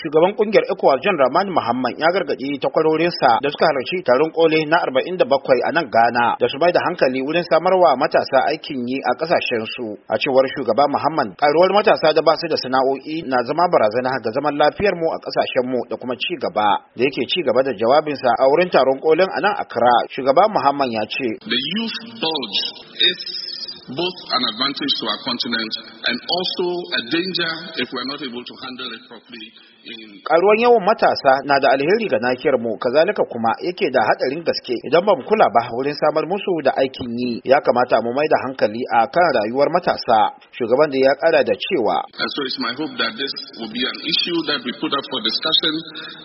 shugaban kungiyar ecowas john ramani muhammad ya gargaɗi takwarorinsa da suka halarci taron kole na 47 a nan ghana da su bai da hankali wurin samarwa matasa aikin yi a kasashen su a cewar shugaba muhammad karuwar matasa da basu da sana'o'i na zama barazana ga zaman lafiyar mu a kasashen mu da kuma ci gaba da yake ci gaba da jawabinsa a wurin taron kolin a nan accra shugaba muhammad ya ce the youth bulge is both an advantage to our continent and also a danger if we are not able to handle it properly karuwan yawan matasa na da alheri ga nakiyar mu kazalika kuma yake da hadarin gaske idan ba mu kula ba wurin samar musu da aikin yi ya kamata mu mai da hankali a kan rayuwar matasa shugaban da ya kara da cewa so it's my hope that this will be an issue that we put up for discussion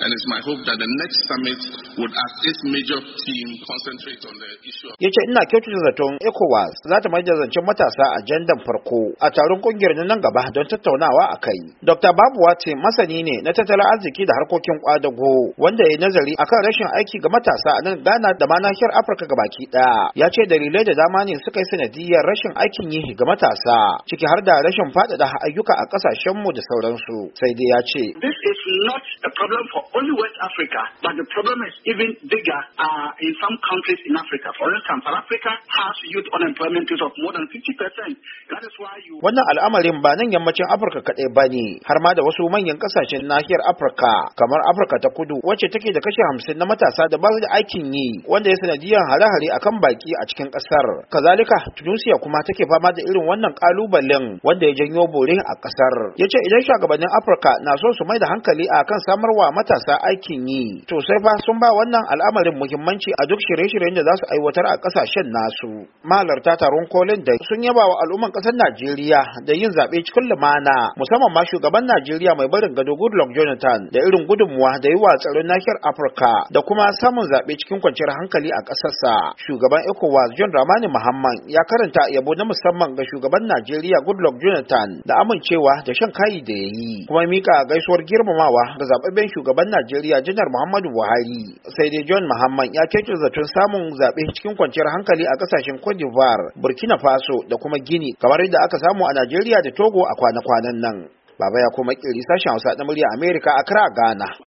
and it's my hope that the next summit would as its major team concentrate on the issue yace ina kyautata zaton ECOWAS za ta mai da zancen matasa ajandan farko a taron kungiyar nan gaba don tattaunawa a kai. Dr. babu ce masani ne na tattalin arziki da harkokin kwadago wanda ya nazari akan rashin aiki ga matasa a nan Ghana da ma nahiyar Afirka gabaki ɗaya. Ya ce dalilai da dama ne suka yi sanadiyar rashin aikin yi ga matasa ciki har da rashin faɗaɗa ayyuka a ƙasashenmu da sauransu. Sai dai ya ce. This is not a problem for only West Africa, but the problem is even bigger uh, in some countries in Africa. For instance, South Africa has youth unemployment rate of more than 50%. That is why you... Wannan al'amarin ba nan yammacin Afirka kaɗai ba ne, har ma da wasu manyan kasashen nahiyar Afirka, kamar Afirka ta kudu, wacce take da kashe hamsin na matasa da ba su da aikin yi, wanda ya sanadiyar hare-hare akan baki a cikin ƙasar. Kazalika, Tunisia kuma take fama da irin wannan ƙalubalen wanda ya janyo bore a kasar Ya ce idan shugabannin Afirka na so su mai da hankali a kan samarwa matasa aikin yi, to sai fa sun ba wannan al'amarin muhimmanci a duk shirye-shiryen da za su aiwatar a ƙasashen nasu. Mahalarta taron kolin da sun yaba wa al'umman kasar Najeriya da yin zaɓe cikin lumana musamman ma shugaban Najeriya mai barin gado Goodluck Jonathan da irin gudunmuwa da yi wa tsaron nahiyar Afirka da kuma samun zaɓe cikin kwanciyar hankali a ƙasarsa. Shugaban ECOWAS John Dramani Mahamman ya karanta yabo na musamman ga shugaban Najeriya Goodluck Jonathan da amincewa da shan kayi da ya yi kuma mika gaisuwar girmamawa ga zaɓaɓɓen shugaban Najeriya Janar Muhammadu Buhari. Sai dai John Mahamman ya cece zaton samun zaɓe cikin kwanciyar hankali a ƙasashen Cote d'Ivoire, Burkina Faso da kuma Gini kamar yadda aka samu a Najeriya Najeriya da Togo a kwana-kwanan nan. Baba ya kuma kiri sashen Hausa na murya Amerika a kra Ghana.